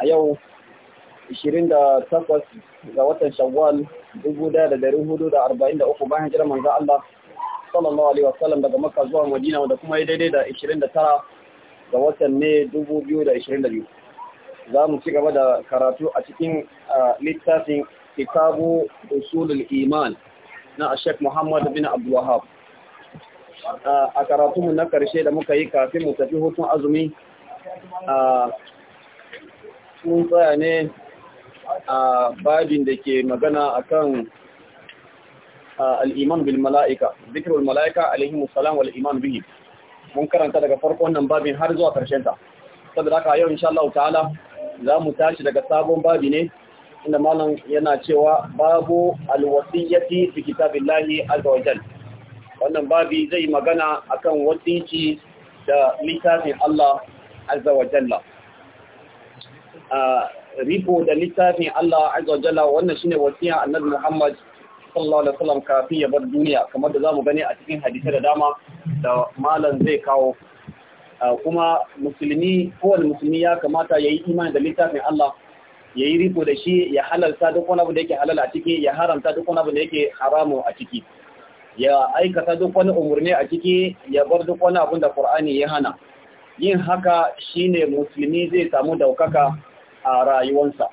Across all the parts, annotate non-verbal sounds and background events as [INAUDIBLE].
a yau 28 ga watan shawwal 1443 bayan jiran manzo Allah sallallahu alaihi wasallam daga Makka zuwa Madina wanda kuma ya daidai da 29 ga watan ne 2022 za mu ci gaba da karatu a cikin littafin kitabu usulul iman na Sheikh Muhammad bin Abdul Wahhab a karatunmu na karshe da muka yi kafin mu tafi hutun azumi Sun tsaya ne a babin da ke magana akan al'iman bil mala'ika zikirul mala'ika alaihimu salam wal iman bihi mun karanta daga farko wannan babin har zuwa karshen ta saboda haka yau insha Allah ta'ala za mu tashi daga sabon babi ne inda malam yana cewa babu alwasiyyati fi kitabillahi wannan babi zai magana akan wasiyi da littafin Allah azza riko da littafin Allah azza wa jalla wannan shine wasiya annabi Muhammad sallallahu alaihi wasallam kafin ya bar duniya kamar da zamu gani a cikin hadisi da dama da malam zai kawo kuma musulmi kowane musulmi ya kamata ya yi imani da littafin Allah ya yi riko da shi ya halarta duk wani abu da yake halal a ciki ya haramta duk wani abu da yake haramu a ciki ya aikata duk wani umarni a ciki ya bar duk wani abun da Qur'ani ya hana yin haka shine musulmi zai samu daukaka a rayuwansa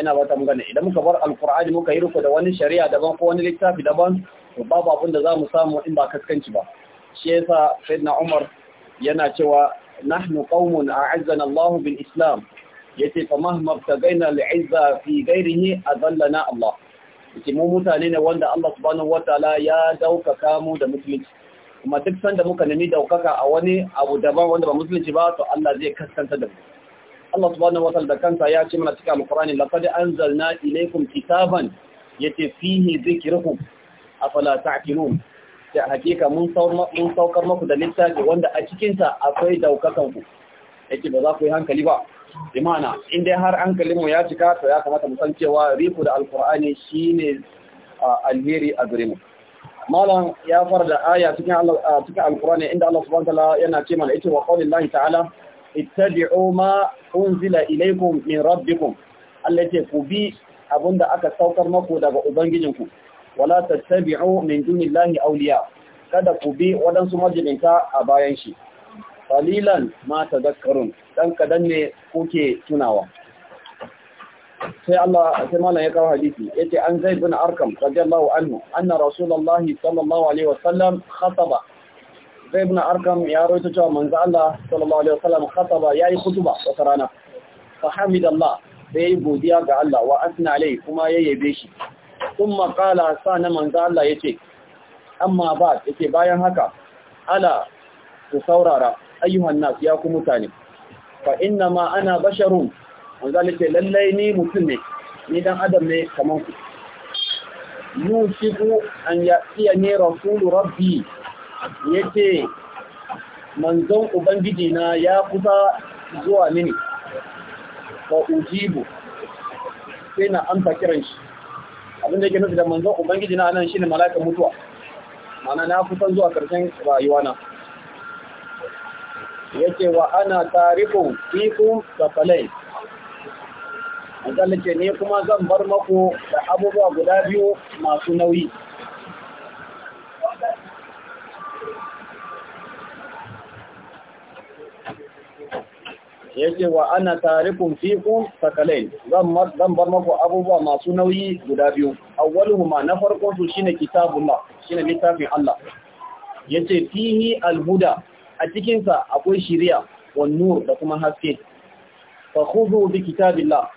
ina ba ta magana idan muka bar alkur'ani muka yi rufe da wani shari'a daban ko wani littafi daban to babu abin da zamu samu in ba kaskanci ba shi yasa sayyidina Umar yana cewa nahnu qaumun a'azzana Allah bil Islam yace fa mahma tagaina al'izza fi ghairihi adallana Allah yace mu mutane ne wanda Allah subhanahu wataala ya daukaka mu da musulunci kuma duk sanda muka nemi daukaka a wani abu daban wanda ba musulunci ba to Allah zai kaskanta da mu Allah subhanahu wa ta'ala da kansa ya ce mana cikin alqur'ani laqad anzalna ilaykum kitaban yace fihi dhikrukum afala ta'qilun da hakika mun saukar muku da littafi wanda a cikin sa akwai daukakan ku yake ba za ku yi hankali ba imana in har hankalinmu ya cika to ya kamata mu san cewa riku da alqur'ani shine alheri a gare mu malam ya fara da aya cikin cikin alqur'ani inda Allah subhanahu wa ta'ala yana ce mana ita wa qaulillahi ta'ala ittabi'u ma unzila ilaykum min rabbikum Allah ce ku bi abinda aka saukar maku daga ubangijinku wala tattabi'u min dunillahi awliya kada ku bi wadansu majalinta a bayan shi qalilan ma tadhakkarun dan kadan ne kuke tunawa sai Allah sai mallan ya kawo hadisi yace an zaid bin arkam radiyallahu anhu anna rasulullahi sallallahu alaihi wasallam khataba sai ibn arkam ya rawaito cewa manzo Allah sallallahu alaihi wasallam khataba yayi khutba wata rana fa hamidallah sai yayi godiya ga Allah wa asna alai kuma yayyabe shi kuma qala sana manzo Allah yace amma ba yake bayan haka ala ku saurara ayyuhan nas ya ku mutane fa inna ma ana basharun manzo Allah yace lallai ni mutum ne ni dan adam ne kamar ku yushiku an ya iya ne rasulu rabbi ya ce manzon ubangiji na ya kusa zuwa mini ba ujibu sai na amsa kiran shi abinda yake nufi da manzon ubangiji na nan shine mala'ikan mutuwa mana na kusan zuwa karshen rayuwa na ce wa ana tarikun fikun safalai Allah ce ne kuma zan bar maku da abubuwa guda biyu masu nauyi Ya ce, wa ana fi ku? sakalai zan bar maku abubuwa masu nauyi guda biyu ma na farkon su shine kitabullah shine littafin Allah yace fihi alhuda a cikinsa akwai shiriya wa nur da kuma haske fa khudhu bi kitabillah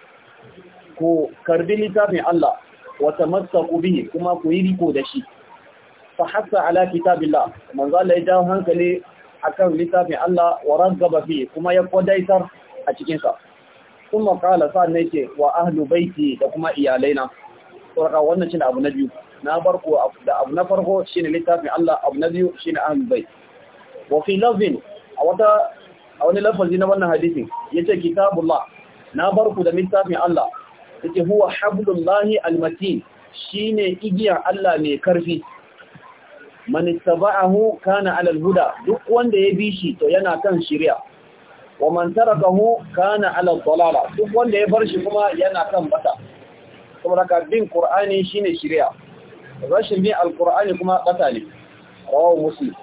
ku karbi littafin Allah wa tamassaku bihi kuma ku yi riko da shi fa hasa ala kitabillah manzo Allah ya jawo hankali akan littafin Allah wa ragaba fi kuma ya kodaitar a cikinsa. Sun makala sa ne ce wa ahlu baiti da kuma iyalaina. Suraka wannan shi abu na biyu. Na barko da abu na farko shi ne littafin Allah abu na biyu shi ne ahlu bait. Wa fi lafin a wata a wani lafazi na wannan hadisin ya ce kitabullah na barku da littafin Allah ya huwa hablullahi almatin shi ne igiyar Allah mai karfi man ittaba'ahu kana 'ala al-huda duk wanda ya bi shi to yana kan shari'a wa man tarakahu kana 'ala dalala duk wanda ya bar shi kuma yana kan bata saboda ka bin qur'ani shine shari'a rashin bin al kuma bata ne rawu muslim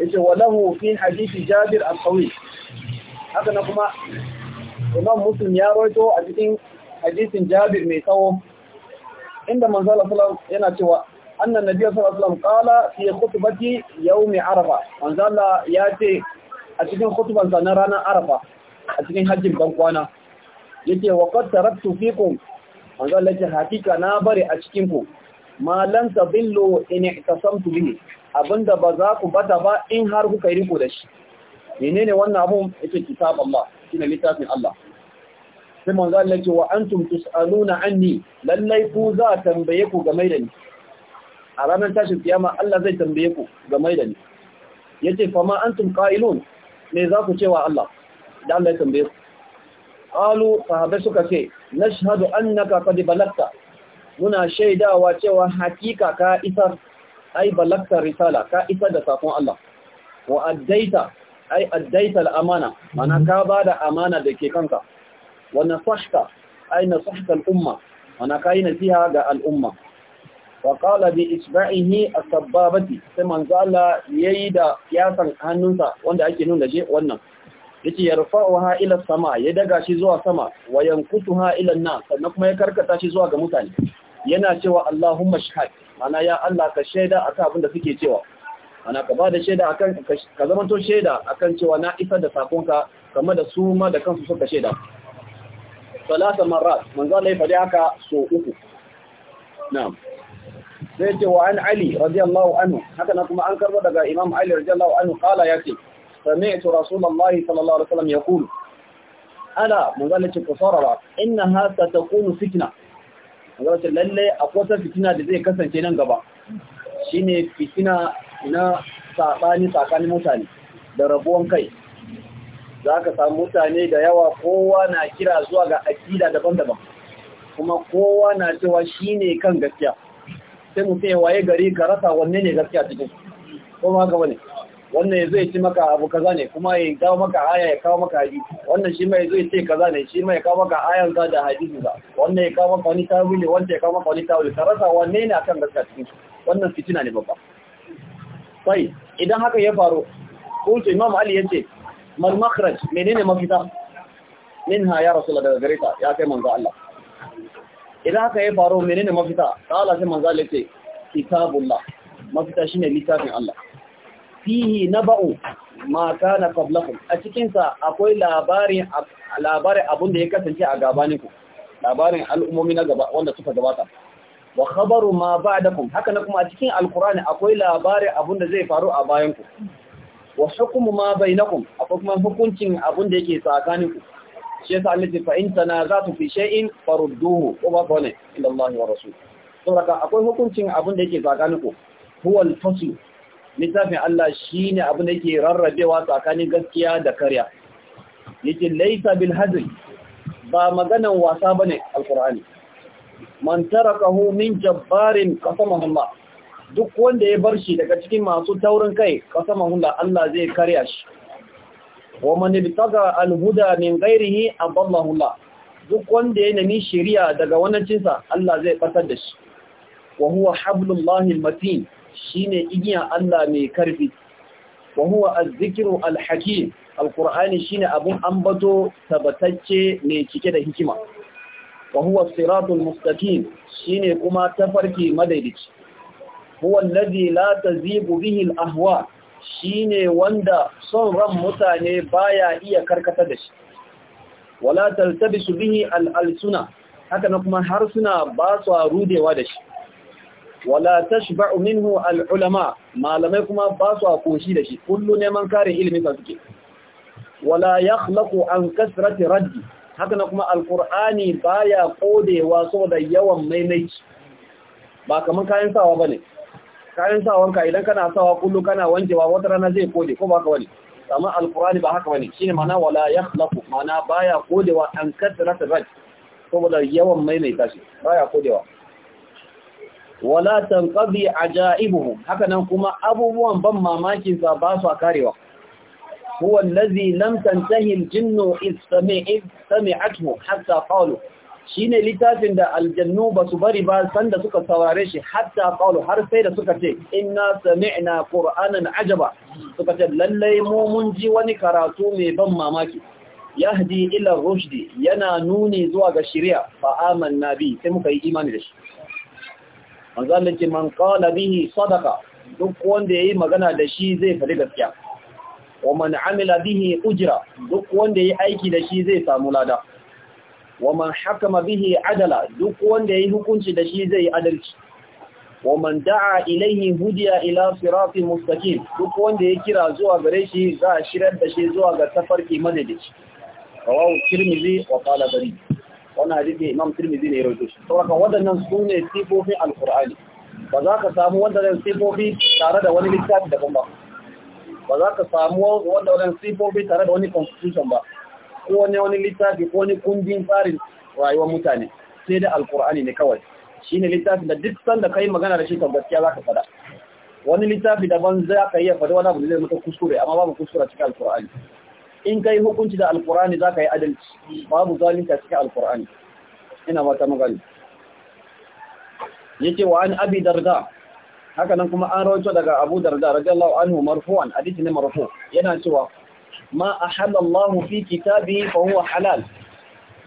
yace wa lahu fi hadisi jabir al-tawil haka na kuma imam muslim ya rawaito a cikin hadisin jabir mai tsawo inda manzo Allah yana cewa annan nabi sallallahu alaihi wasallam qala fi khutbati yawm arafa manzo ya ce a cikin khutban na ranar arafa a cikin hajjin ban kwana yace wa qad taraktu fikum manzo Allah ya hakika na bari a cikin ku ma lan tabillu in ihtasamtu bihi abinda ba za ku bata ba in har kuka yi riko da shi menene wannan abun yake kitab Allah shine littafin Allah sai manzo Allah ce wa antum tusaluna anni lallai ku za tambaye ku game da ni a ranar tashin kiyama Allah zai tambaye ku game da ni yace fa ma antum qailun me za ku cewa Allah da Allah ya tambaye ku qalu sahabai suka ce nashhadu annaka qad balagta muna shaidawa cewa hakika ka isar ai balagta risala ka isar da sakon Allah wa addaita ai addaita amana mana ka bada amana da ke kanka wa nasahta ai nasahta al-umma mana kai nasiha ga al'umma. faƙala bi isba'ihi a sababati sai manzo Allah ya yi da yasan hannunsa wanda ake nuna shi wannan yace wa ila sama ya daga shi zuwa sama wa yankutuha ila na sannan kuma ya karkata shi zuwa ga mutane yana cewa Allahumma mashahad mana ya Allah ka shaida akan abin da suke cewa ana ka bada shaida akan ka zamanto shaida kan cewa na isa da sakonka kamar da su ma da kansu suka shaida salasa marat manzo Allah ya faɗi haka so uku na'am sai ce wa an ali radiyallahu anhu haka na kuma an karbo daga imam ali radiyallahu anhu qala yake sami'tu rasulullahi sallallahu alaihi wasallam yaqulu ala mugalace ku sarara innaha satakunu fitna mugalace lalle akwai wata fitina da zai kasance nan gaba shine fitina na sabani tsakanin mutane da rabuwan kai za ka samu mutane da yawa kowa na kira zuwa ga akida daban-daban kuma kowa na cewa shi ne kan gaskiya sai mutum ya waye gari ka rasa wanne ne gaskiya cikin ko ma haka bane wannan zai ci maka abu kaza ne kuma ya kawo maka aya ya kawo maka hadisi wannan shi mai zai ce kaza ne shi mai kawo maka ayan za da hadisi za wannan ya kawo maka wani tawili wanda ya kawo maka wani tawili ka rasa wanne ne akan gaskiya cikin wannan fitina ne babba sai idan haka ya faru kultu imam ali yace mal makhraj menene mafita minha ya rasulullah daga gareta ya kai manzo Allah idan haka ya faru menene mafita ta'ala sai manzo Allah ce kitabullah mafita shine littafin Allah fihi naba'u ma kana qablakum a cikin akwai labarin labarin abun da ya kasance a gabaninku labarin al'ummomi na gaba wanda suka gabata wa khabaru ma ba'dakum haka na kuma a cikin alqur'ani akwai labarin abun da zai faru a bayanku wa hukumu ma bainakum akwai kuma hukuncin abun da yake tsakaninku shi yasa Allah na za in tanazatu fi faru-duhu, wa ma kana illa Allah wa rasul saboda akwai hukuncin abinda ke yake tsakanin ku littafin Allah shine abin da yake rarrabewa tsakanin gaskiya da karya yake laysa bil hadri ba maganan wasa bane alkur'ani man tarakahu min jabbarin kasa Allah duk wanda ya bar shi daga cikin masu taurin kai kasa Allah Allah zai karya shi wa man ibtaga al-huda min ghairihi adallahu duk wanda ya ni shari'a daga wannan cinsa Allah zai fatar da shi wa huwa hablullahi al-matin shine igiya Allah mai karfi wa huwa az-zikru al-hakim al-qur'ani shine abun ambato tabbatacce ne cike da hikima wa huwa siratul mustaqim shine kuma tafarki madaidaici huwa alladhi la tazigu bihi al-ahwa Shi ne wanda son ran mutane baya iya karkata da shi wala su bihi al-alsuna haka na kuma harsuna ba su rudewa da shi wala tashba'u minhu al-ulama malamai kuma ba su koshi da shi kullu neman kare ilimi ka suke wala yakhlaqu an kasrati raddi haka na kuma al ba baya kodewa saboda yawan maimaici ba kaman kayan sawa bane kayan sa wanka, idan kana sawa kullum kana wankewa wata rana zai kode ko ba ka wani amma alkurani ba haka bane shine mana wala yakhlaqu mana baya kodewa an kaddara ta raj saboda yawan maimaita shi baya kodewa wala tanqadi ajaibuhu haka nan kuma abubuwan ban mamaki sa ba su karewa huwa allazi lam tantahi aljinnu iz sami'at hatta qalu Shi ne littafin da aljannu ba su bari ba sanda suka saurare shi hatta kawo har sai da suka ce Ina sami'na qur'anan ajaba suka ce lallai mu mun ji wani karatu mai ban mamaki yahdi ilar rushdi yana nuni zuwa ga shirya fa amanna bi sai muka yi imani da shi manzalin man qala bihi Sadaka, duk wanda ya yi magana da shi zai fari gaskiya wa man amila bihi Ujira, duk wanda ya yi aiki da shi zai samu lada wa man hakama bihi adala duk wanda yayi hukunci da shi zai adalci wa man da'a ilayhi hudiya ila sirati mustaqim duk wanda ya kira zuwa gare shi za a shirar da shi zuwa ga tafarki madadici rawahu tirmidhi wa qala bari wannan hadisi imam tirmidhi ne ya rawaito shi saboda wadannan sune sifofin alqur'ani ba za ka samu wanda wadannan sifofi tare da wani littafi daban ba ba za ka samu wanda wadannan sifofi tare da wani constitution ba ko wani littafi ko wani kundin tsarin rayuwar mutane sai da alkur'ani ne kawai shine littafin da duk sanda kai magana da shi kan gaskiya zaka fada wani littafi daban za ka iya fada wani abu da zai maka kuskure amma babu kuskure cikin alkur'ani in kai hukunci da alkur'ani za ka yi adalci babu zalunta cikin alkur'ani ina mata magana yake wa an abi darda haka nan kuma an rawaito daga abu darda radiyallahu anhu marfu'an hadisi ne marfu yana cewa ma a halallahu fi kitabihi fa huwa halal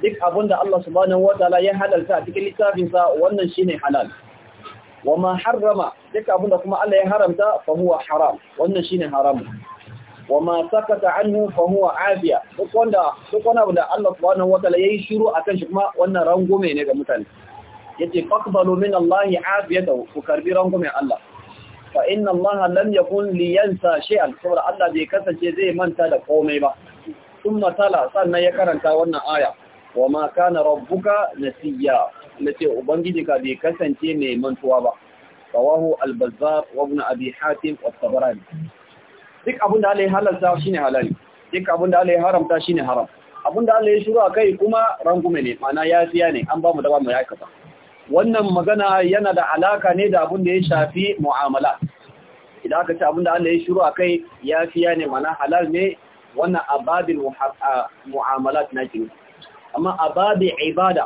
duk abinda Allah subhanahu wataala ya halalta a cikin littafinsa wannan shine halal wa ma harrama duk abinda kuma Allah ya haramta fa huwa haram wannan shine haram wa ma sakata anhu fa huwa afiya duk wanda duk wanda da Allah subhanahu wataala yayi shiru akan shi kuma wannan rangume ne ga mutane yace faqbalu min Allah afiyatahu ku karbi rangume Allah fa inna allaha lam yakun liyansa shay'an saboda Allah bai kasance zai manta da komai ba thumma tala sannan ya karanta wannan aya wa kana rabbuka nasiya nace ubangiji ka bai kasance mai mantuwa ba rawahu al-bazzar wa ibn abi hatim wa tabarani duk abin da Allah ya halalta shine duk abin da Allah ya haramta shine haram abin da Allah ya shiru kai kuma rangume ne ma'ana yafiya ne an ba mu da ba mu yakata wannan magana yana da alaka ne da abin da ya shafi mu'amala idan aka ce abin da Allah ya shiru a kai ya fiya ne mana halal ne wannan ababin mu'amala na kiri amma ababi ibada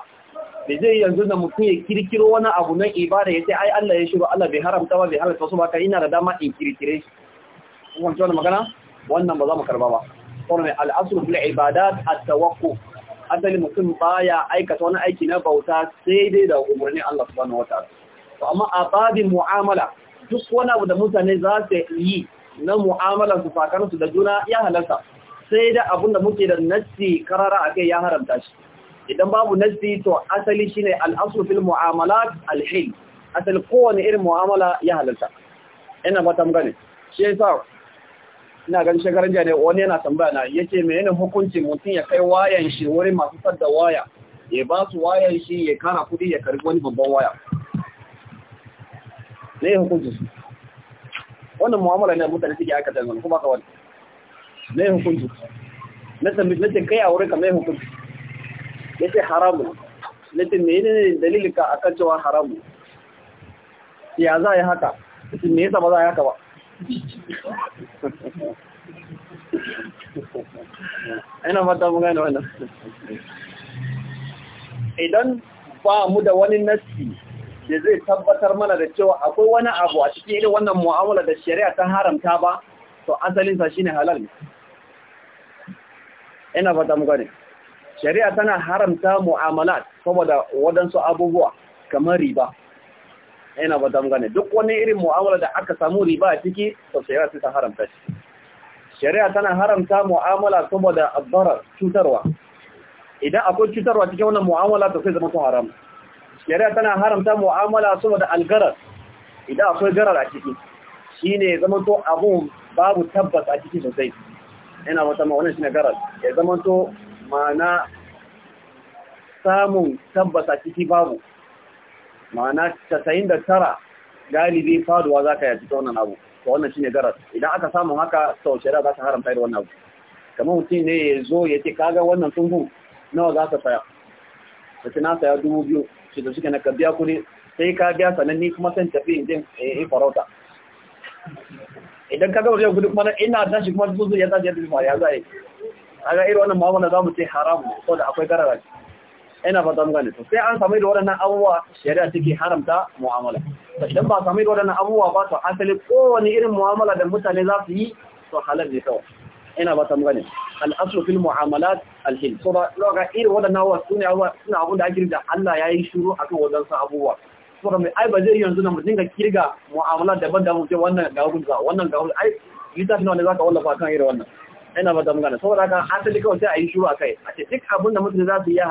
bai zai yanzu da mutum ya kirkiro wani abu na ibada ya sai ai Allah ya shiru Allah bai haramta ba bai haramta su ba kai ina da dama in kirkire shi kun magana wannan ba za mu karba ba Kuma al-aslu fil ibadat at-tawaqquf asali mutum baya aikata wani aiki na bauta sai dai da umarni Allah subhanahu wataala to amma a babin mu'amala duk wani abu da mutane za su yi na mu'amalar su fakar da juna ya halarta sai dai abin da muke da nassi karara akai ya haramta shi idan babu nassi to asali shine al-aslu fil mu'amalat al asali kowane irin mu'amala ya halarta ina ba ta gane shi yasa ina gan shekaran jiya ne wani yana tambaya na yace menene hukunci mutum ya kai wayan shi wurin masu sadda waya ya ba su wayan shi ya kara kudi ya karbi wani babban waya ne hukunci su wannan mu'amala ne mutane suke aka tanzan kuma ka wani ne hukunci. na tambi na kai a wurin ka ne hukuncin yace haramu. na tambaye ne dalilin ka akan cewa haramu? ya za a yi haka me yasa ba za a yi haka ba ina fata mu gane wannan idan ba mu da wani nassi da zai tabbatar mana da cewa akwai wani abu a cikin irin wannan mu'amala da shari'a ta haramta ba to asalin sa shine halal ne ina fata mu gane shari'a tana haramta mu'amalat saboda wadansu abubuwa kamar riba ina ba dangane gane duk wani irin mu'amala da aka samu riba a ciki to shari'a ta haramta shi shari'a tana haramta mu'amala saboda abbarar cutarwa idan akwai cutarwa cikin wannan mu'amala to sai zama to haram shari'a tana haramta mu'amala saboda algarar idan akwai garar a ciki shine zama to abun babu tabbas a ciki sosai ina ba ma wannan shine garar ya zama to ma'ana samun tabbas a ciki babu ma'ana da tara galibi faduwa za ka yaci ta wannan abu to wannan shi ne garas idan aka samun haka sau shari'a za ta haramta da wannan abu kamar mutum ne ya zo ya ce kaga wannan tungu nawa za ka saya da na saya dubu biyu shi da suke na ka biya kuɗi sai ka biya sannan ni kuma san tafi in je eh, in farauta idan ka gaba zai gudu kuma na ina tashi kuma zuzu ya tashi ya tafi ma ya zaye. a ga irin wannan ma'amala za mu ce haram saboda akwai garara ina fata muka gane to sai an samu da waɗannan abubuwa shari'a take haramta mu'amala to idan ba samu da waɗannan abubuwa ba to asali kowane irin mu'amala da mutane za su yi to halal ne kawai ina fata gane al-aslu fil mu'amalat al-hil so ba ga irin waɗannan abubuwa sune abubuwa suna abun da ake da Allah ya yi shiru akan wadansu abubuwa so kuma mai ai ba zai yanzu na mu dinga kirga mu'amala daban-daban ce wannan ga hukunta wannan ga hukunta ai na wanda zaka wallafa kan irin wannan ina ba gane saboda haka asali kawai sai a yi shuru a kai a ce duk abin da mutane za su yi ya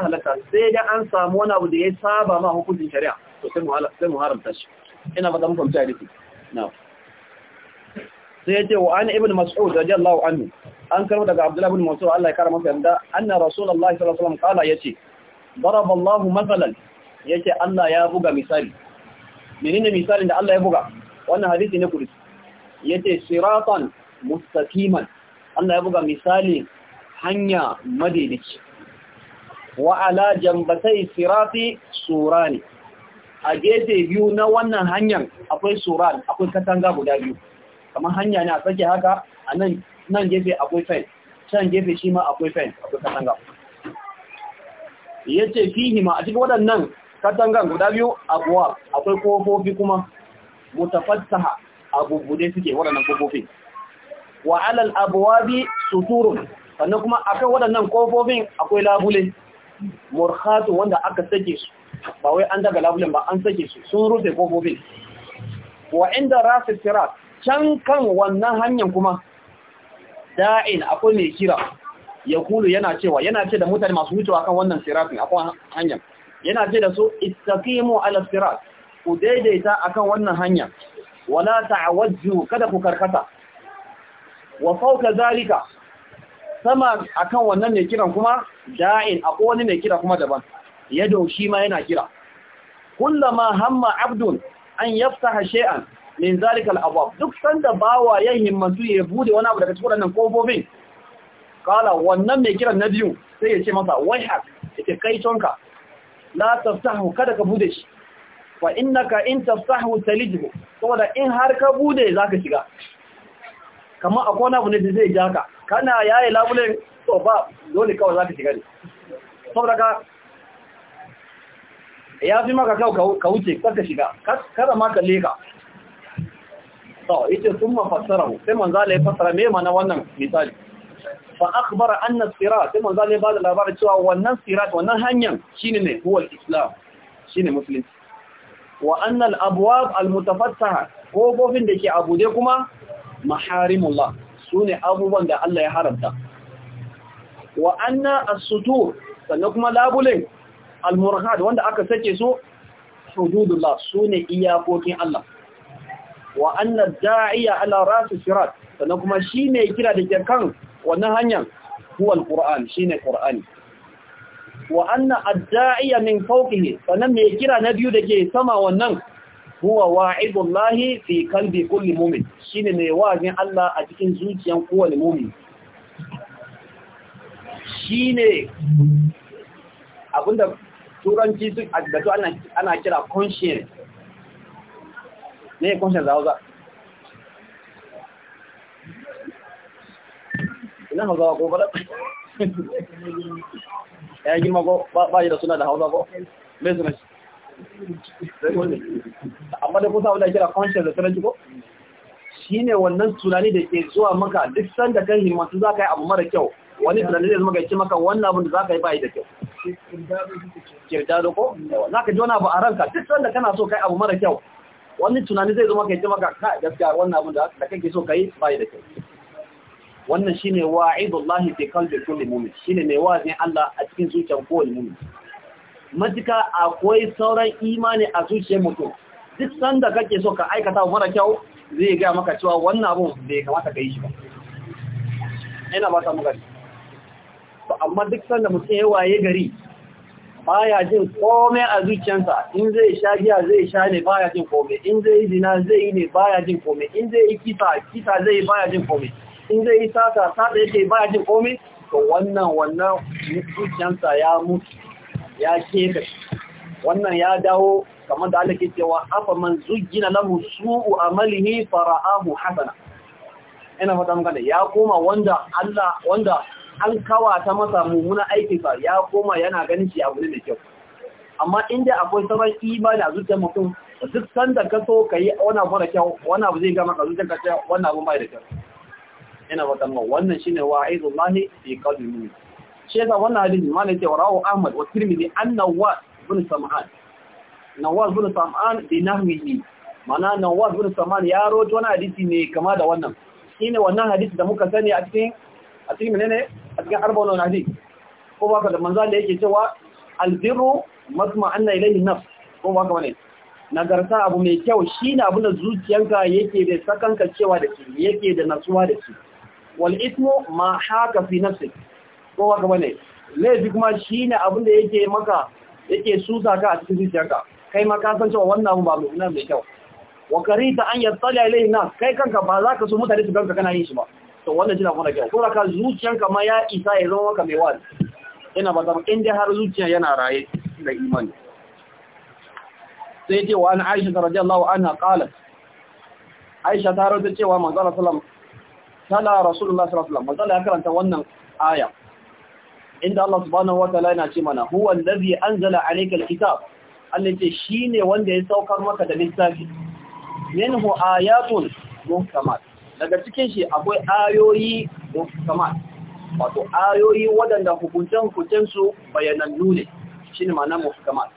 halatta sai dai an samu wani abu da ya saba ma hukuncin shari'a to sai mu haramta shi ina ba zama kwamci a rufi na sai ya ce wa an ibn mas'ud radiyallahu anhu an karo daga abdullahi ibn mas'ud Allah ya kara masa yarda anna rasulullahi sallallahu alaihi wasallam kala yace daraba Allah masalan yace Allah ya buga misali menene misalin da Allah ya buga wannan hadisi ne kursi yace siratan mustaqiman Allah ya buga misali hanya madaidaici wa ala jambatai sirati surani a gefe biyu na wannan hanyar akwai surani akwai katanga guda biyu kamar hanya ne a sake haka a nan nan gefe akwai fain can gefe shi ma akwai fain akwai katanga ce fihi ma a cikin waɗannan katangan guda biyu abuwa akwai kofofi kuma mutafassaha abubude suke waɗannan kofofi wa alal abwabi suturun sannan kuma akan waɗannan kofofin akwai labule murhatu wanda aka sake su ba wai an daga labulen ba an sake su sun rufe ƙofofin. wa inda rafi sirat can kan wannan hanyar kuma da'in akwai mai kira ya kulu yana cewa yana ce da mutane masu wucewa kan wannan sirafin akwai hanyar yana ce da su istaqimu ala sirat ku daidaita akan wannan hanya wala ta'awajju kada ku karkata wa fauka zalika sama akan wannan ne kiran kuma da'in a wani ne kira kuma daban yado shi ma yana kira kullama hamma abdun an yaftaha shay'an min zalika al-abwab duk sanda bawa ya himmatu ya bude wani abu daga cikin wannan kofofin kala wannan mai kiran na biyu sai ya ce masa Wai ita kai tonka la taftahu kada ka bude shi fa innaka in taftahu talijhu saboda in har ka bude zaka shiga kamar a kona abu ne da zai ja ka kana yaye labulen to ba dole kawai za ka shiga ne saboda ka ya fi maka kawo ka wuce ka shiga kada ma ka leka to ita sun mu sai manzo ya fassara me mana wannan misali fa akhbara anna sirat sai manzo Allah ya bada labarin cewa wannan sirat wannan hanyar shine ne huwa islam shine musulunci wa anna al-abwab al-mutafattaha kofofin da ke abude kuma maharimullah sune abubuwan da Allah ya haramta wa anna as-sutur sannan kuma labule al-murhad wanda aka sake su hududullah sune iyakokin Allah wa anna da'iya ala rasu sirat sannan kuma shi ne kira da ke kan wannan hanyar huwa al-qur'an ne qur'ani wa anna ad-da'iya min fawqihi sannan me kira na biyu dake ke sama wannan huwa wa'idullahi fi kalbi kulli mu'min shine mai wa'azin Allah a cikin zuciyan kowane mu'min shine abinda turanci su da to ana ana kira conscience ne conscience hausa ina hausa ko ba [LAUGHS] ya girma ko ba yi da suna da hausa ko bai suna shi amma da kusa wadda kira kwanciyar da turanci ko shine wannan tunani da ke zuwa maka duk sanda kan himmatu za ka yi abu mara kyau wani tunani zai zama ga yake maka wannan abin da za ka yi bayi da kyau da ko za ka ji wani abu a ranka duk sanda kana so kai abu mara kyau wani tunani zai zama ka yi maka ka gaskiya wannan abin da kake so kai bayi da kyau wannan shine wa'idullahi fi qalbi kulli mu'min shine mai wa'azin Allah a cikin zuciyar kowane mu'min matuka akwai sauran imani a zuciyar mutum duk sanda kake so ka aikata wa mara kyau zai gaya maka cewa wannan abu bai kamata ka yi shi ba ina ba ta magani amma duk sanda mutum ya waye gari baya jin komai a zuciyarsa in zai sha giya zai sha ne baya jin komai in zai zina zai yi ne baya jin komai in zai yi kisa kisa zai baya jin komai in zai yi sata sata yake baya jin komai to wannan wannan zuciyarsa ya mutu ya keta wannan ya dawo kamar da alake cewa afa man zujjina lahu su'u amalihi fara'ahu hasana ina fata muka da ya koma wanda Allah wanda an kawata masa mummuna aikinsa ya koma yana ganin shi abu ne mai kyau amma inda akwai sabon imani a zuciyar mutum duk sanda ka so ka yi wani abu da kyau wani abu zai gama ka zuciyar ka ce wani abu mai da kyau ina fata muka wannan shine wa'izullahi fi qalbi mu'min shi wannan hadisi ma ne ce wa rawu ahmad wa tirmidhi annawas bin sam'an nawas bin sam'an bi nahwihi mana nawas bin sam'an ya roto wani hadisi ne kama da wannan shine wannan hadisi da muka sani a cikin a cikin menene a cikin arba'un wani hadisi ko baka da manzo da yake cewa albirru masma anna ilayhi nafs ko baka wani nagarta abu mai kyau shine abu da zuciyanka yake da sakanka cewa da shi yake da natsuwa da shi wal ismu ma haka fi nafsi ko ba gaba ne laifi kuma shi ne abin da yake maka yake susa ka a cikin zuciyarka kai ma ka san cewa wannan ba mu. nan mai kyau wa karita an yattala ilayhi nas kai kanka ba za ka so mutane su ganka kana yin shi ba to wannan jina kuma kyau ko ka zuciyarka ma ya isa ya zama maka mai wani Ina ba zama inda har zuciya yana raye da imani sai ce wa an aisha ta radiyallahu anha qalat aisha ta rawaita cewa manzo sallallahu alaihi wasallam tala rasulullah sallallahu alaihi wasallam ya karanta wannan aya inda Allah subhanahu wataala yana ce mana huwa allazi anzala alayka alkitab Allah ce shine wanda ya saukar maka da littafi minhu ayatun muhkamat daga cikin shi akwai ayoyi muhkamat wato ayoyi wadanda hukuncen hukuncen su bayanannu ne shine ma'ana muhkamat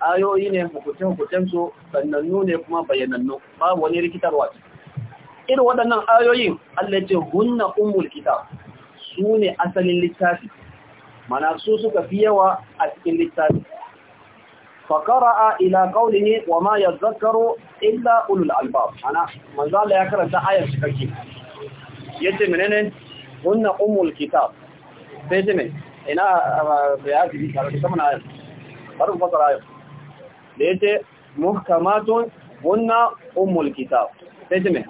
ayoyi ne hukuncen hukuncen su sanannu ne kuma bayanannu ba wani rikitarwa irin waɗannan ayoyin Allah ce hunna ummul kitab su ne asalin littafi manasu suka fi yawa a cikin littafi faƙara'a ila ƙauli ne wa ma ya zakaro illa ulul albab mana manzala ya karanta ayar shi kake ya ce mene ne hunna umul ina eh, ya fi da saman ayar barin ya ce muhkamatun hunna umul kitab sai ce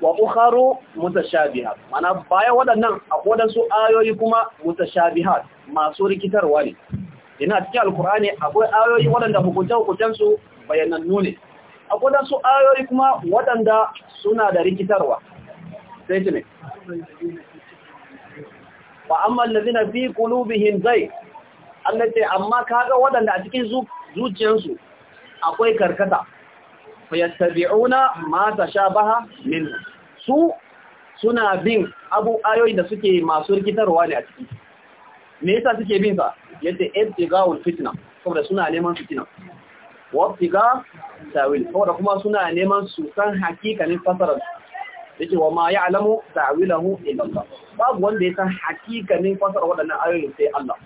wa ukharu mutashabihat mana baya waɗannan akwai wadansu ayoyi kuma mutashabihat masu rikitarwa ne ina cikin alkur'ani akwai ayoyi waɗanda hukunce su bayanannu ne akwai wadansu ayoyi kuma waɗanda suna da rikitarwa sai ce ne fa amma allazina fi qulubihim zai Allah ce amma kaga waɗanda a cikin zuciyarsu akwai karkata fayattabi'una ma tashabaha min su suna bin abu ayoyin da suke masu rikitarwa ne a ciki me yasa suke bin sa yace ibtiga'ul fitna saboda suna neman fitna. fitina wabtiga tawil saboda kuma suna neman su san hakikanin fasarar yake wa ma ya'lamu ta'wilahu illa Allah babu wanda ya san hakikanin fasarar waɗannan ayoyin sai Allah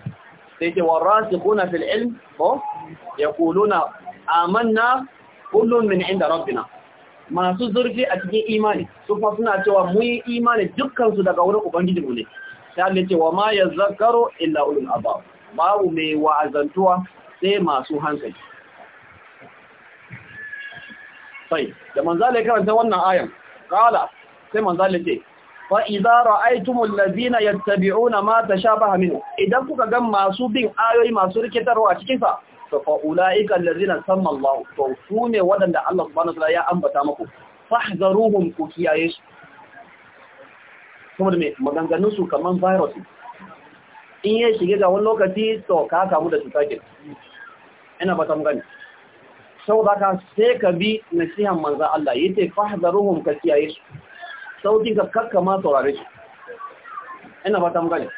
sai yake warasikhuna fil ilm ko yaquluna amanna kullum min inda rabbina masu zurfi a cikin imani su kuma suna cewa mu yi imani dukkan su daga wurin ubangiji mu ne sai Allah ce wa ma yazakkaru illa ulul albab babu mai wa'azantuwa sai masu hankali sai da manzalai karanta wannan ayan Kala, sai manzalai ce fa idza ra'aytum allazina yattabi'una ma tashabaha minhu idan kuka ga masu bin ayoyi masu rikitarwa cikin sa to fa ulaika allazina samma Allah to su ne wadanda Allah subhanahu wataala ya ambata muku fahzaruhum ku kiyaye su kuma da maganganun su kaman virus in ya shige ga wani lokaci to ka kamu da cuta ke ina ba ta gani da ka sai ka bi nasihan manzo Allah yace fahzaruhum ka kiyaye su sautin ka kakka ma saurare su ina ba ta gani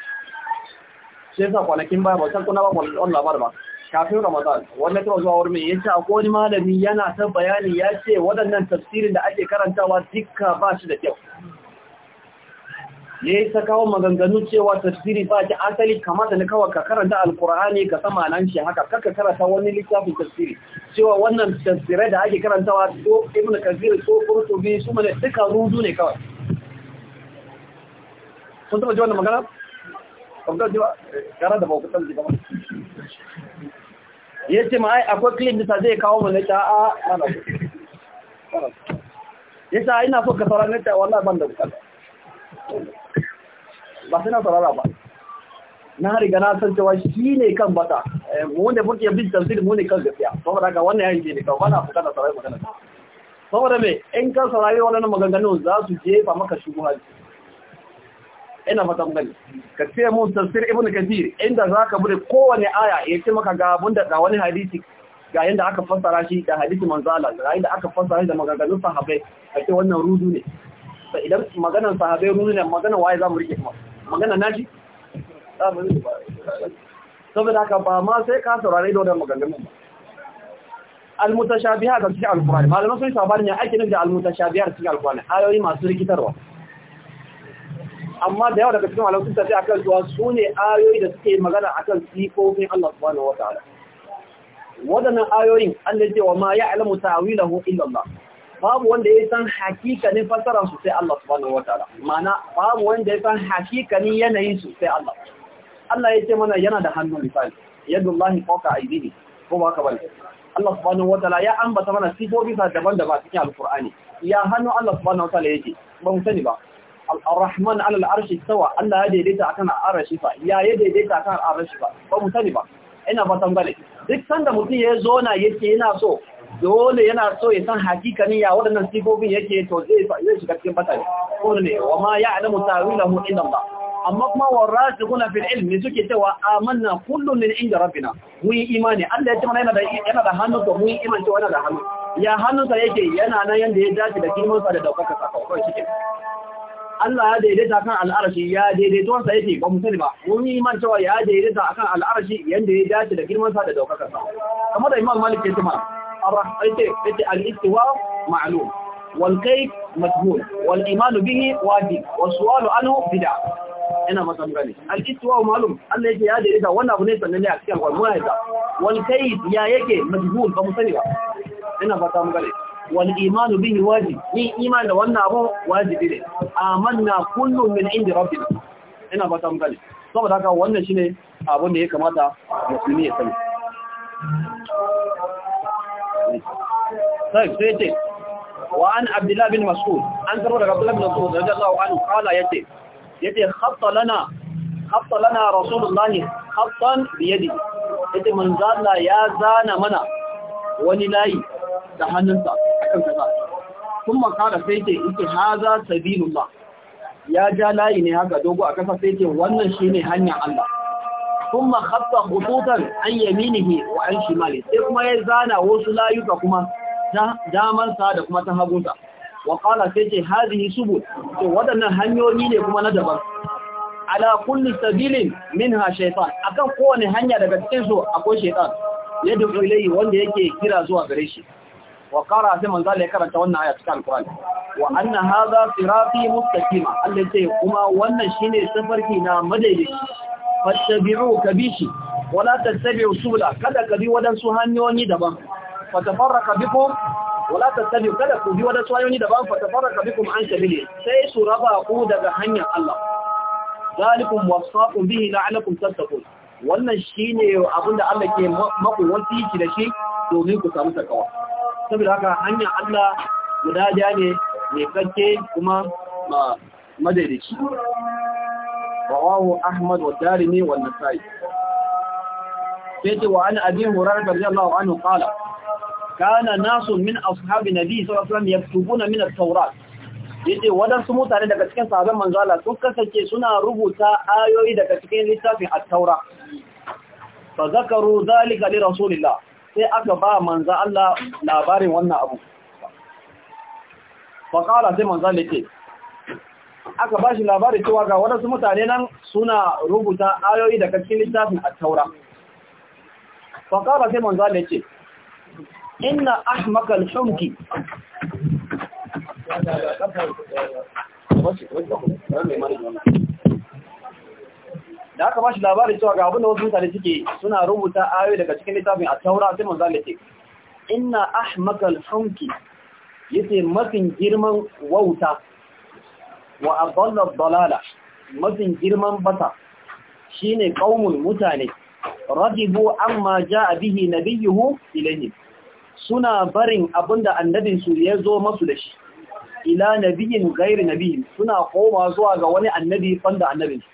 sai sa kwanakin baya ba san kuna ba wannan labar ba kafin Ramadan wanda ta zuwa wurin ya ce akwai wani malami yana ta bayani ya ce waɗannan tafsirin da ake karantawa dukka ba shi da kyau ya yi ta kawo maganganu cewa tafsiri ba ki asali kamata na kawai ka karanta alkur'ani ka sama nan shi haka kaka karanta wani littafin tafsiri cewa wannan tafsirai da ake karantawa ko ibn kazir ko qurtubi su mana duka rudu ne kawai sun ji wannan magana? Eh, gara da ba ku ji ba. ya ce ma'ai akwai clip nisa zai kawo mu na ta'a mana ya ce ina so ka saurara na ta'a ban da bukata ba sai na saurara ba na riga na san cewa shi ne kan bata eh, mu ne muke bin tafsir mu ne kan gaskiya saboda haka wannan ya yi ne kawai bana bukata saurari magana saboda me in ka saurari wannan maganganun za su jefa maka shubuhanci ina fata ka ce mun tafsir ibn kathir inda zaka bude kowane aya ya ce maka ga bunda da ga wani hadisi ga yanda aka fassara shi da hadisi manzala ga yanda aka fassara shi da maganganun sahabbai a ce wannan rudu ne sai idan maganar sahabbai rudu ne magana waye zamu rike kuma magana naji saboda haka ba ma sai ka saurare da wannan maganganun ba al-mutashabihat cikin al-Qur'ani malaman sun sabani ne ake nufi da al-mutashabihat cikin al-Qur'ani ayoyi masu rikitarwa amma da yawa daga cikin malamai tafi a akan zuwa su ne ayoyi da suke magana akan sifofin Allah subhanahu wata ta'ala waɗannan ayoyin Allah ce wa ma ya'lamu ta'wilahu illa Allah babu wanda ya san hakikanin fasaran su sai Allah subhanahu wata ta'ala mana babu wanda ya san hakikanin yanayin su sai Allah Allah ya ce mana yana da hannu misali yadda Allah yadullahi fawqa aydihi ko ba ka bane Allah wata wataala ya ambata mana sifofi daban-daban cikin alqur'ani ya hannu Allah wata wataala yake ba mu sani ba Ar-Rahman sawa Allah ya daidaita akan arashi fa ya ya daidaita akan arashi fa ba mu sani ba ina fatan bane duk sanda mutum ya zo na yake yana so dole yana so ya san hakikanin ya waɗannan sigobin yake to zai shiga cikin batari ko ne wa ma ya'lamu ta'wilahu illa Allah amma kuma warasikhuna fil ilmi suke cewa amanna kullun min inda rabbina mu yi imani Allah ya ce mana yana da hannu to mu yi imani cewa yana da hannu ya hannunsa yake yana nan yanda ya dace da girman sa da daukar sa shi Allah ya daidaita kan al'arashi ya daidaito wansa yake ba mu sani ba mun yi iman cewa ya daidaita akan al'arashi yanda ya dace da girman sa da daukakar sa kamar da Imam Malik ya ce mana ar-rahmatu yace al-istiwa ma'lum wal kayf majhul wal iman bihi wajib was su'al anhu bid'a ina matan gani al-istiwa ma'lum Allah yake ya daidaita wannan abu ne sannan ne a cikin alqur'ani wal kayf ya yake majhul ba mu sani ba ina fata mu gane wal imanu bihi waji? ni iman da wannan abu wajibi ne amanna kullum min inda rabbina ina ba ta mutane saboda haka wannan shine abin da ya kamata musulmi ya sani sai sai ce wa an abdullah bin mas'ud an karbo daga abdullah bin mas'ud radiyallahu anhu kala yace yace khatta lana khatta lana rasulullahi khattan bi yadi yace manzo Allah ya zana mana wani layi da hannunsa kan kaza sun makara sai ce ita haza ba. ya ja layi ne haka dogo a kasa sai ce wannan ne hanyar Allah ثم خط an عن wa وعن شماله sai kuma ya zana wasu layuka kuma damansa sa da kuma ta hagunsa wa kala sai ce yi subu to waɗannan hanyoyi ne kuma na daban ala kulli sabilin minha shaytan akan kowane hanya daga cikin su akwai shaytan yadda ilayhi wanda yake kira zuwa gare shi wa qara sai manzo Allah ya karanta wannan aya cikin alqur'ani wa anna hadha sirati mustaqima Allah ce kuma wannan shine safarki na madaidaici fattabi'u wala tattabi'u kada ka bi wadansu hanyoyi daban fatafarraqa bikum wala tattabi'u kada ku bi wadansu hanyoyi daban fatafarraqa bikum an sabili sai su raba ku daga hanyar Allah zalikum wasaqu bihi la'alakum wannan shine abinda Allah ke maku wasiki da shi domin ku samu takawa saboda haka hanyar Allah guda ja ne mai kakke kuma madaidaici rawahu ahmad wa darimi wa nasai sai ce wa an abi hurairah radiyallahu anhu kala. kana nasu min ashabi nabi sallallahu alaihi wasallam min at-taurat yace wadansu mutane daga cikin sahabban manzo Allah sun kasance suna rubuta ayoyi daga cikin littafin at-taura fa zakaru dhalika li rasulillah sai aka ba manza Allah labarin wannan abu Fakala sai manza ke, aka ba shi labarin cewa ga waɗansu mutane nan suna rubuta ayoyi da cikin littafin a taura Fakala sai manza lake inna ahmakal shumki Thank you. da aka bashi labarin cewa ga abin da wasu mutane suke suna rubuta ayoyi daga cikin littafin a taura sai manzo Allah ce inna ahmakal hunki yace mafin girman wauta wa adalla dalala mafin girman bata shine qaumul mutane radibu amma jaa bihi nabiyuhu ilayhi suna barin abinda annabin su ya zo masu da shi ila nabiyin gairi nabiyin suna koma zuwa ga wani annabi banda annabin su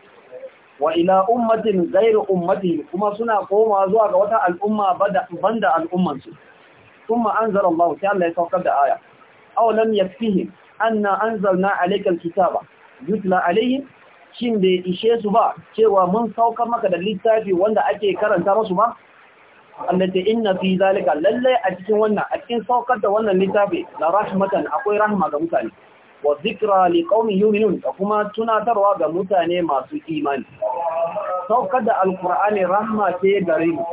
wa ila ummatin ghairu ummati kuma suna komawa zuwa ga wata al'umma banda al'umman su kuma anzala Allah ta Allah ya saukar da aya aw lam yakfihi anna anzalna alayka alkitaba yutla alayhi, shin da ishe su ba cewa mun saukar maka da littafi wanda ake karanta musu ba allati inna fi zalika lalle a cikin wannan a cikin saukar da wannan littafi la rahmatan akwai rahma ga mutane wa zikra qaumi yu'minun da kuma tunatarwa ga mutane masu imani saukar da alqur'ani rahma ce gare mu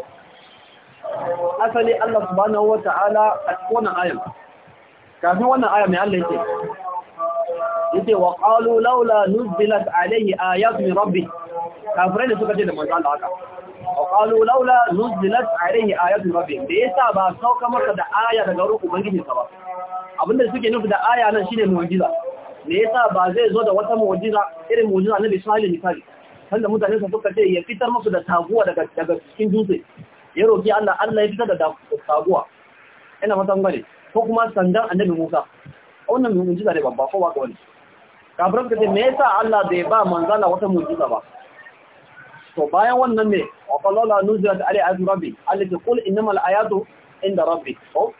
asali Allah subhanahu Ta'ala a cikin wannan ayat kafin wannan ayat mai Allah yake yace wa qalu laula nuzilat alayhi ayatu min rabbi kafirai da suka ce da manzo Allah haka wa qalu laula nuzilat alayhi ayatu rabbi da sa ba sauka masa da aya daga ruku ubangiji sa ba abinda suke nufi da aya nan shine mu'jiza da sa ba zai zo da wata mu'jiza irin mu'jiza na bisali misali sanda mutane su suka ce ya fitar musu da taguwa daga cikin dutse ya roƙi Allah Allah ya fitar da taguwa ina matan gane ko kuma sandan annabi Musa wannan mu'jiza ne babba ko ba ka wani kafirin ka ce me yasa Allah bai ba manzala wata mu'jiza ba to bayan wannan ne wa qallala nuzilat ali ayatu rabbi allati qul innamal ayatu inda rabbi ko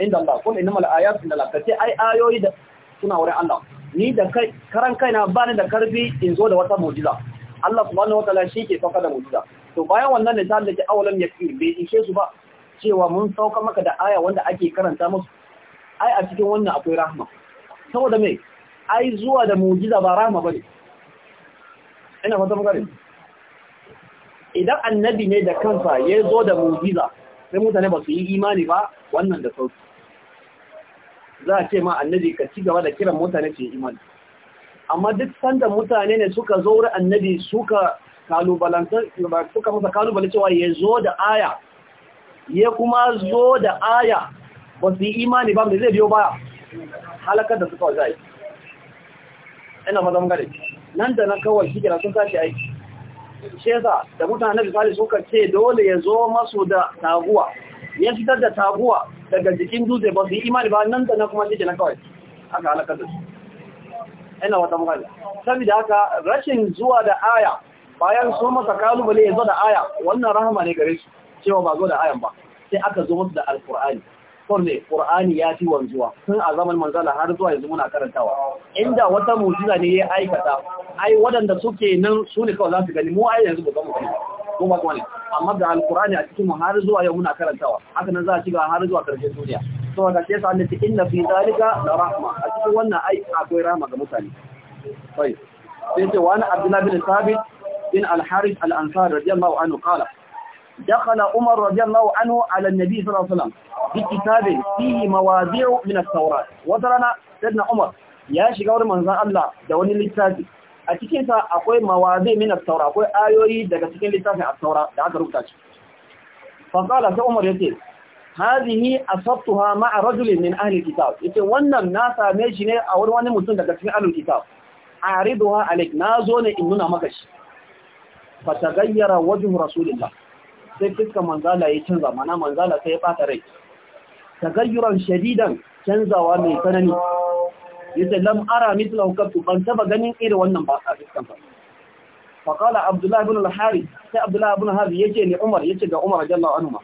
inda Allah qul innamal ayatu inda Allah kace ai ayoyi da suna wurin Allah ni da kai karan kaina ba ni da karfi in zo da wata mu'jiza Allah subhanahu wataala shi ke sauka da mu'jiza to bayan wannan ne ta allati ya fi bai ishe su ba cewa mun sauka maka da aya wanda ake karanta musu ai a cikin wannan akwai rahma saboda me ai zuwa da mujiza ba rahma bane ina fata magana idan annabi ne da kansa ya zo da mujiza sai mutane ba su yi imani ba wannan da sauki za a ce ma annabi ka ci gaba da kiran mutane ce yi imani amma duk sanda mutane ne suka zo wurin annabi suka kalubalanta suka masa cewa ya zo da aya ya kuma zo da aya ba su yi imani ba mai zai biyo baya halakar da suka aiki. ina fata mun gare nan da na kawai shi gina sun sashi aiki shi yasa da mutanen misali suka ce dole ya zo masu da taguwa ya fitar da taguwa daga jikin dutse ba su yi imani ba nan da na kuma shi na kawai aka halakar da su ina wata mugalla da haka rashin zuwa da aya bayan so masa kalubale ya zo da aya wannan rahama ne gare su cewa ba zo da ayan ba sai aka zo masu da alkur'ani for ne qur'ani ya fi wanzuwa tun a zaman manzala har zuwa yanzu muna karantawa inda wata mu'jiza ne ya aikata ai waɗanda suke nan su ne kawai za su gani mu ai yanzu ba mu gani ko ba amma ga Alƙur'ani a cikin mu har zuwa yau muna karantawa haka nan za a shiga har zuwa ƙarshen duniya to ga sai sa Allah inna fi zalika la rahma a cikin wannan ai akwai rahma ga mutane sai sai ce wa abdullahi bin sabit bin al-harith al-ansari radiyallahu anhu qala دخل عمر رضي الله عنه على النبي صلى الله عليه وسلم بكتاب فيه مواضيع من التوراة وترنا سيدنا عمر ya shiga wurin manzan Allah da wani littafi a cikinsa akwai mawazi min at-taura akwai ayoyi daga cikin littafin at-taura da aka rubuta shi fa qala sai Umar yace hadhihi asabtuha ma'a rajulin min ahli kitab yace wannan na same shi ne a wurin wani mutum daga cikin ahli kitab ariduha na nazo ne in nuna maka shi fa tagayyara wajhu rasulillah sai fiskan manzala ya canza mana manzala sai ya bata rai tagayyuran shadidan canzawa mai tsanani yace lam ara mithlahu qattu ban taba ganin irin wannan ba a fiskan ba fa qala abdullah ibn al-harith sai abdullah ibn harith yace ni umar yace ga umar radiyallahu anhu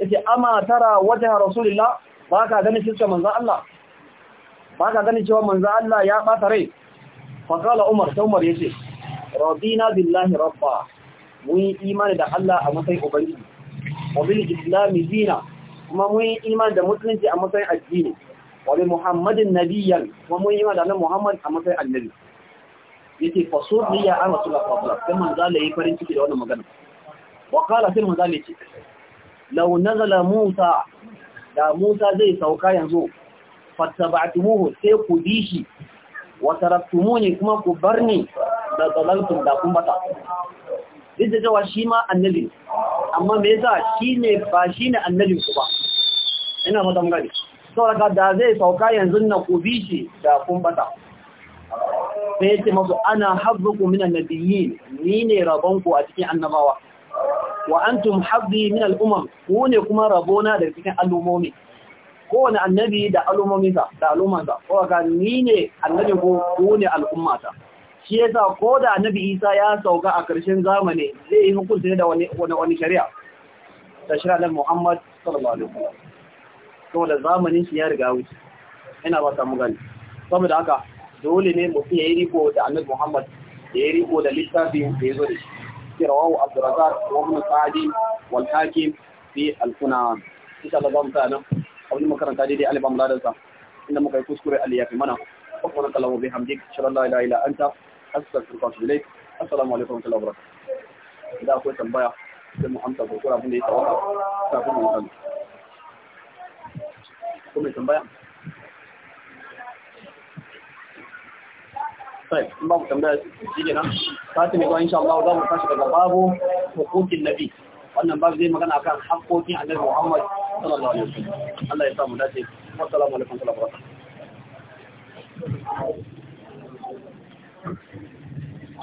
yace ama tara wajha rasulillah baka ganin fiskan manzo Allah baka ganin cewa manzo Allah ya bata rai fa qala umar sai umar yace radina billahi rabba mun yi imani da Allah a matsayin ubangiji wa bil islami dina kuma mun yi imani da musulunci a matsayin addini wa bi muhammadin nabiyyan kuma mun yi imani da annabi muhammad a matsayin annabi yake fasur niyya an rasulullah sallallahu alaihi wasallam zale Allah yi farin ciki da wannan magana wa kala sai man Allah ce. law nazala musa da musa zai sauka yanzu fattaba'tumuhu sai ku bi shi wa taraktumuni kuma ku barni da dalaltum da kun bata duk da cewa shi ma annabi amma me yasa shi ne ba shi ne annabin ku ba ina matan gani sauraka da zai sauka yanzu na ku bi shi da kun bata sai ya ce masu ana habbuku min annabiyyi ni ne rabonku a cikin annabawa wa antum habbi min al'umam ku ne kuma rabona da cikin al'umomi kowane annabi da al'umominsa da al'umansa sauraka ni ne annabi ku ku ne al'ummata shi yasa ko da annabi isa ya sauka a ƙarshen zamani zai yi hukunci ne da wani shari'a da shari'a na muhammad sallallahu alaihi wasallam zamanin shi ya riga wuce ina ba samu gani saboda haka dole ne mutum ya yi riko da annabi muhammad ya yi riko da littafin da ya zo da shi في رواه عبد الرزاق وابن سعدي والحاكم في الكنى ان شاء الله زمو تعالى او لما كان تعدي دي البام لادنسا ان مكاي كسكوري علي يافي منا وقنا الله وبحمدك ان الله لا اله الا انت حسن الفاشليك السلام عليكم ورحمه الله وبركاته اذا اخوي تنبيا في محمد الدكتور ابو نيت اوه تعبني انا كم تنبيا طيب ما تنبيا تيجي انا ساعتين ان شاء الله وذا مكاشف الباب حقوق النبي وانا باب زي ما كان اكان حقوقي عند محمد صلى الله عليه وسلم الله يطول مداتي والسلام عليكم ورحمه الله وبركاته Thank you.